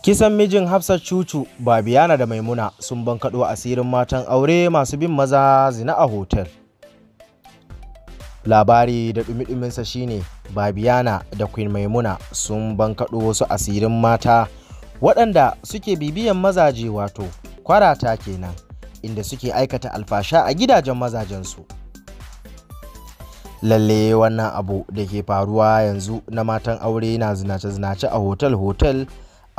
Kisan mijin Hafsat Cucu, Babiyana da Maimuna sun bankaɗo asirin matan aure masu bin maza zina a hotel. Labari da ɗumi-ɗuminsa shine Babiyana da Queen Maimuna sun bankaɗo wasu asirin mata waɗanda suke bibiyan mazaje wato kwarata kenan inda suke aikata alfasha a gidajen mazajensu. Lalle wannan abu da ke faruwa yanzu na matan aure na zinace-zinace a hotel-hotel.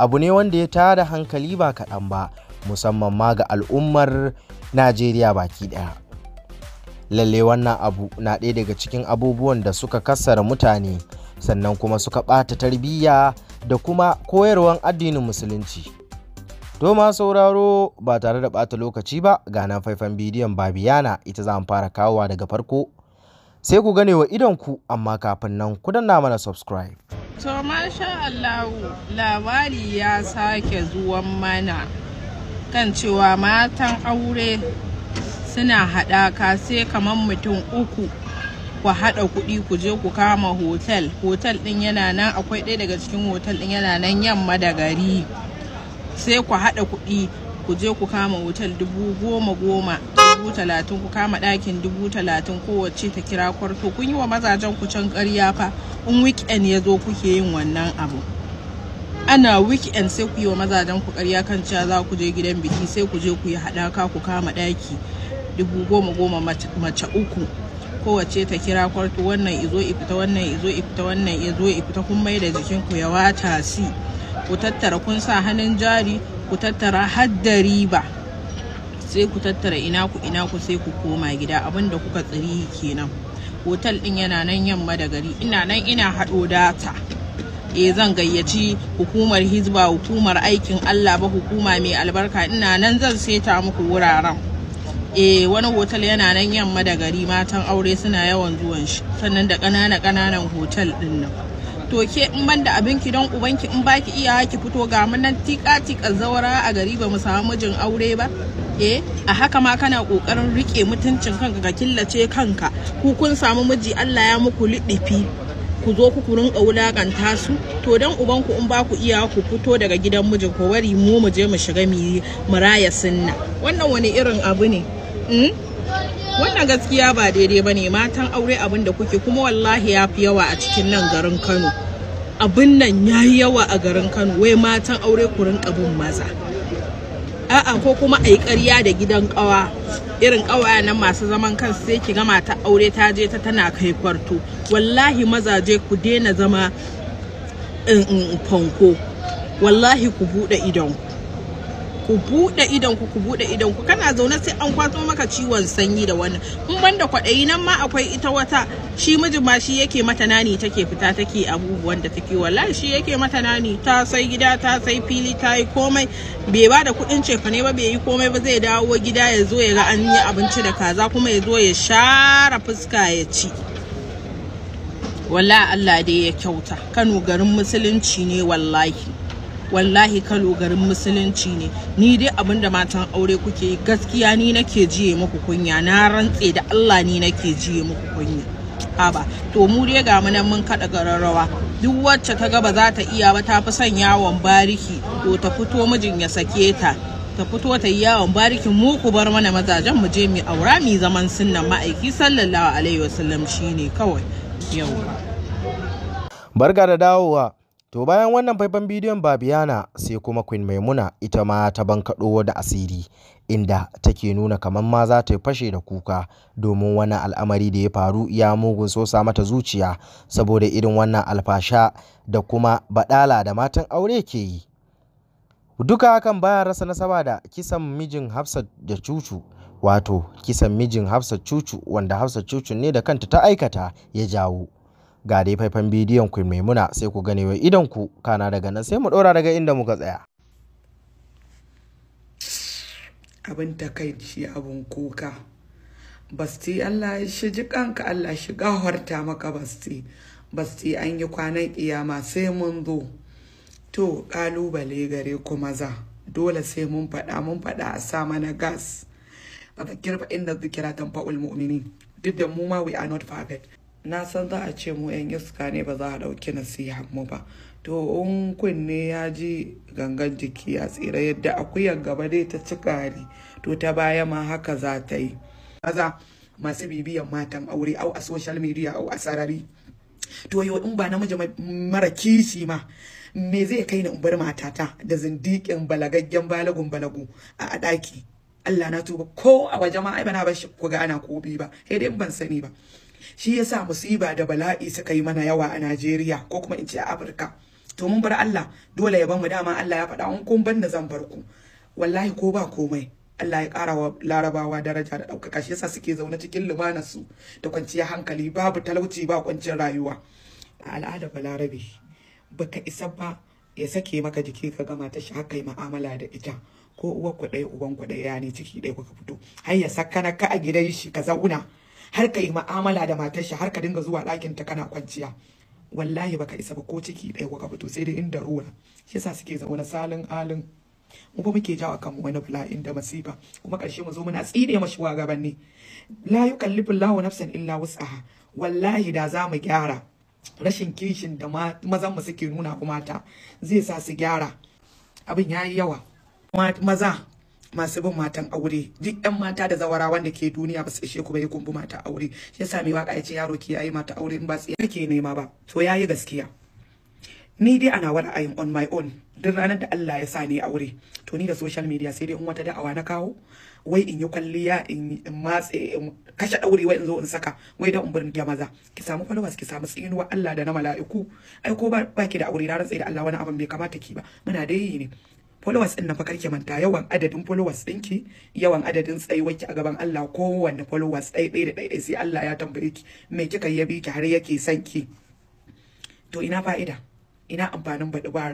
abu ne wanda ya tada hankali ba kaɗan ba musamman ma ga al'ummar najeriya baki ɗaya lalle wannan abu na ɗaya daga cikin abubuwan da suka kassara mutane sannan kuma suka ɓata tarbiyya da kuma koyarwan addinin musulunci to ma sauraro ba tare da ɓata lokaci ba ga nan faifan bidiyon babiyana ita za mu fara kawowa daga farko sai ku gane wa idon ku amma kafin nan ku danna mana subscribe To masha Allahu labari ya sake zuwan mana kan cewa matan aure suna haɗaka sai kamar mutum uku ku haɗa kuɗi ku je ku kama hotel hotel ɗin yana nan akwai ɗaya daga cikin hotel ɗin yana nan yamma da gari sai ku haɗa kuɗi ku je ku kama wutar dubu goma goma dubu talatin ku kama ɗakin dubu talatin kowace ta kira kwarto kun yi wa mazajen ku can ƙarya fa in weekend ya zo kuke yin wannan abu ana weekend sai ku yi wa mazajen ku ƙarya kan cewa za ku je gidan biki sai ku je ku yi haɗaka ku kama ɗaki dubu goma goma mace uku kowace ta kira kwarto wannan izo ifita wannan izo ifita wannan izo ifita kun mai da jikinku ya wata si ku tattara kun sa hannun jari ku tattara hadda riba sai ku tattara ina ku ina ku sai ku koma gida Abun da kuka tsiri kenan hotel ɗin yana nan yamma da gari ina nan ina haɗo data Eh zan gayyaci hukumar hizba hukumar aikin allah ba hukuma mai albarka ina nan zan seta muku wuraren Eh wani hotel yana nan yamma da gari matan aure suna yawan zuwan shi sannan da ƙanana ƙananan hotel ɗin nan to ke in ban da abinki don ubanki in baki iya ki fito ga mu nan tika tika zawara a gari ba mu samu mijin aure ba eh a haka ma kana kokarin rike mutuncin kanka ka killace kanka ku kun samu miji Allah ya muku lidifi ku zo ku rinka wulakanta su to dan uban ku in ba ku iya ku fito daga gidan mijin ko wari mu mu je mu shiga mu raya sunna wannan wani irin abu ne hmm? wannan gaskiya ba daidai ba ne matan aure abin da kuke kuma wallahi ya fi yawa a cikin nan garin kano abin nan ya yi yawa a garin kano wai matan aure ku rinka bin maza a'a ko kuma a yi ƙarya da gidan ƙawa irin ƙawaya nan masu zaman kansu sai ki gama ta aure ta je ta tana kai kwarto wallahi mazaje ku daina zama mm, mm, mm, fanko wallahi ku buɗe idonku ku buɗe idan ku ku buɗe idan ku kana zaune sai an kwato maka ciwon sanyi da wannan kun banda kwaɗayi nan ma akwai ita wata shi mijin ma shi yake mata nani take fita take abubuwan da take wallahi shi yake mata nani ta sai gida ta sai fili ta yi komai bai ba da kuɗin cefa ne ba bai yi komai ba zai dawo gida ya zo ya ga an yi abinci da kaza kuma ya zo ya share fuska ya ci wala Allah dai ya kyauta Kano garin musulunci ne wallahi wallahi kalo garin musulunci ne ni dai abin matan aure kuke yi gaskiya ni nake jiye muku kunya na rantse da Allah ni nake jiye muku kunya haba to mu dai ga munan mun kada gararrawa duk wacce ta ga ba za ta iya ba ta fi son yawon bariki to ta fito mijin ya sake ta ta fito ta yawon barikin mu ku bar mana mazajen mu je mu aura mu zaman sunnan ma'aiki sallallahu alaihi wasallam shine kawai yau barka da dawowa To bayan wannan faifan bidiyon Babiana sai kuma Queen Maimuna ita ma ta bankaɗo da asiri inda take nuna kamar ma za ta fashe da kuka domin wani al'amari da ya faru ya mugun sosa mata zuciya saboda irin wannan alfasha da kuma badala da matan aure ke yi. Duka hakan bayan rasa nasaba da kisan mijin Hafsat da Cucu wato kisan mijin Hafsat Cucu wanda Hafsat Cucu ne da kanta ta aikata ya jawo. ga dai faifan bidiyon ku mai muna sai ku gane wa idan ku kana daga nan sai mu ɗora daga inda muka tsaya abin ta takaici abin kuka basti Allah ya shiji kanka Allah shiga horta maka basti basti an yi kwanan kiyama sai mun zo to kalubale gare ku maza dole sai mun faɗa mun faɗa a sa mana gas a zakir fa inna zikira tanfa'ul mu'minin duk da mu ma we are not perfect na san za a ce mu 'yan iska ne ba za a ɗauki nasihar mu ba to in kunne ya ji gangan jiki ya tsira yadda akuyar gaba dai ta ci gari to ta baya ma haka za ta yi maza masu bibiyan matan aure au a social media au a sarari to yau in ba namiji mara kishi ma me zai kai na umbar matata da zindikin balagaggen balagun balagu a ɗaki Allah na tuba ko a waje ma ai bana bar shi ku gana ana kobi ba sai dai ban sani ba shi yasa musiba da bala'i suka yi mana yawa a Najeriya ko kuma in ce a Afirka to mun bar Allah dole ya bamu dama Allah ya faɗa in kun banda zan bar ku wallahi ko ba komai Allah ya ƙara wa larabawa daraja da ɗaukaka shi yasa suke zaune cikin lumanar su da kwanciyar hankali babu talauci ba kwanciyar rayuwa a al'adar balarabe baka isa ba ya sake maka jiki ka gama ta shi haka yi mu'amala da ita ko uwar ku ɗaya uban ku ɗaya ne ciki ɗaya kuka fito har ya sakana ka a gidan shi ka zauna har ka yi ma'amala da matar shi har ka dinga zuwa ɗakin ta kana kwanciya wallahi baka isa ba ko ciki ɗaya ka fito sai dai inda ruwa shi yasa suke zaune salin alin mu ba muke jawa kanmu wani bala'in da masifa kuma ƙarshe mu zo muna tsine ma gabanni. la yukallifu Allahu nafsan illa wus'aha wallahi da za mu gyara rashin kishin da mazan mu suke nuna ku mata zai sa su gyara abin yayi yawa maza masu bin matan aure duk yan mata da zawara wanda ke duniya ba su ishe ku ba ya kumbu mata aure shi yasa mai waka ya ce yaro ki yayi mata aure in ba tsiya ke nema ba to yayi gaskiya ni dai ana wani ayin on my own duk ranar da Allah ya sa ni aure to ni da social media sai dai in wata da'awa na kawo wai in yi kwalliya in matse in kashe daure wai in zo in saka wai da in ya maza ki samu followers ki samu tsinuwa Allah da na mala'iku ai ko ba ki da aure na rantsa da Allah wani abin bai kamata ki ba muna dai yi ne followers din na fa karke manta yawan adadin followers ɗinki yawan adadin tsayuwarki a gaban Allah kowanne followers ɗai, ɗaya da ɗai-ɗai, sai Allah ya tambaye ki me kika yi bi ki har yake son ki to ina fa'ida ina amfanin baɗi ba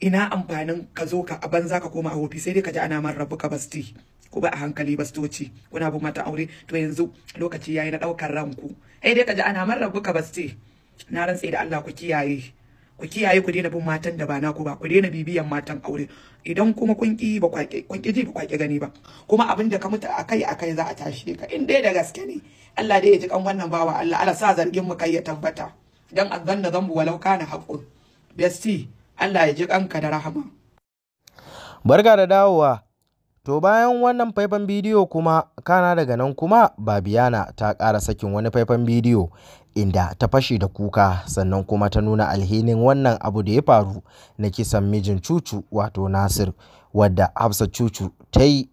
ina amfanin ka zo ka a banza ka koma a hofi sai dai ka ji ana man rabu ka basti ko ba a hankali bastoci kuna bu mata aure to yanzu lokaci yayi na ɗaukar ranku sai dai ka ji ana man rabu ka basti na rantse da Allah ku kiyaye ku kiyaye ku daina bin matan da ba naku ba ku daina bibiyan matan aure idan kuma kun ki ba kun ki ji ba kwake gani ba kuma abin da ka mutu akai akai za a tashi ka in dai da gaske ne Allah dai ya ji kan wannan bawa Allah Allah sa zargin mu kai ya tabbata dan azanna zambu walau kana haqqun besti Allah ya ji kanka da rahama barka da dawowa To bayan wannan faifan bidiyo kuma kana daga nan kuma Babiana ta ƙara sakin wani faifan bidiyo inda ta fashe da kuka sannan kuma ta nuna alhinin wannan abu da ya faru na kisan mijin cucu wato Nasir wadda Hafsa cucu ta yi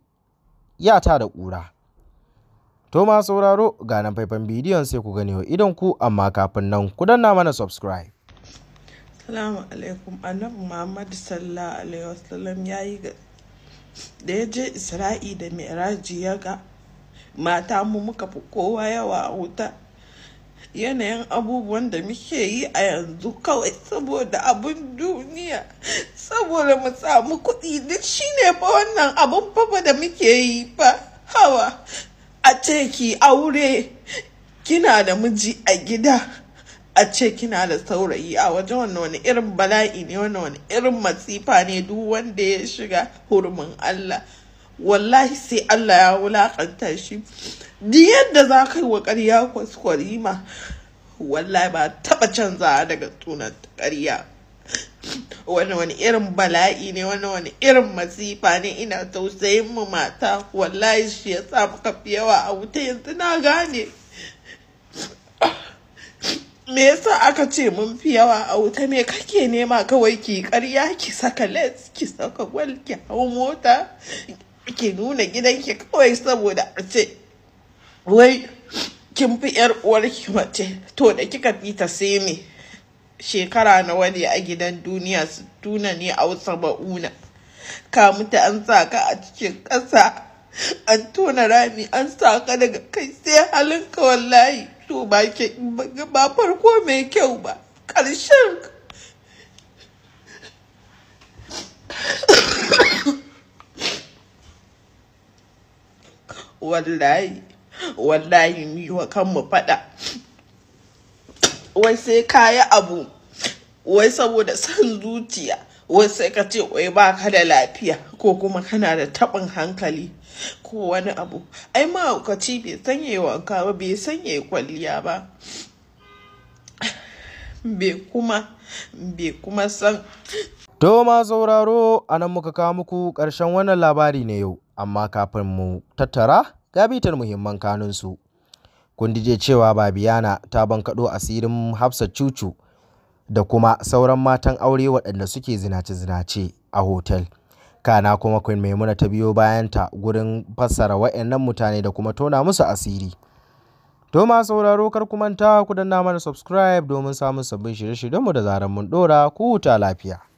yata da ƙura. To ma sauraro ga nan faifan bidiyon sai ku gani wa idan ku amma kafin nan ku danna mana subscribe. Salamu alaikum Annabi Muhammad sallallahu alaihi wasallam ya yi da ya je isra'i da miraji ya ga mata mu muka fi kowa yawa a wuta yanayin abubuwan da muke yi a yanzu kawai saboda abin duniya saboda mu samu kuɗi duk shine fa wannan abin fafa da muke yi fa hawa a ce ki aure kina da miji a gida a ce kina da saurayi a waje wannan wani irin bala'i ne wannan wani irin masifa ne duk wanda ya shiga hurumin Allah wallahi sai Allah ya wulakanta shi di yadda za ka yi wa ƙarya kwaskwari ma wallahi ba taɓa canzawa daga sunan ƙarya wani wani irin bala'i ne wani wani irin masifa ne ina tausayin mu mata wallahi shi ya sa muka fi yawa a wuta yanzu na gane me yasa aka ce mun fi yawa a wuta me kake nema kawai ki karya ki saka les ki saka gwal ki hau mota ki nuna gidanki kawai saboda a ce wai kin fi yar uwarki mace to da kika fi ta sai me shekara na wani a gidan duniya su tuna ne a wasa ba'una ka mutu an sa ka a cikin ƙasa an tona rami an sa ka daga kai sai halinka wallahi ba ke ba farko mai kyau ba ƙarshen wallahi wallahi mi wa kanmu faɗa wai sai kayi abu wai saboda son zuciya wai sai ka ce wai ba ka da lafiya ko kuma kana da taɓin hankali ko wani abu ai mahaukaci bai sanya yi wanka ba bai sanya yi kwalliya ba bai kuma bai kuma san to ma sauraro anan muka kawo muku ƙarshen wannan labari ne yau amma kafin mu tattara gabitar muhimman kanunsu kun dije cewa babiyana ta bankaɗo asirin hafsa cucu da kuma sauran matan aure waɗanda suke zinace-zinace a hotel. Kana kuma Queen Maimuna ta biyo bayanta gurin fassara waɗannan mutane da kuma tona musu asiri. To ma sauraro kar ku manta ku mana subscribe domin samun sabbin shirye-shiryenmu da zarar mun ɗora ku huta lafiya.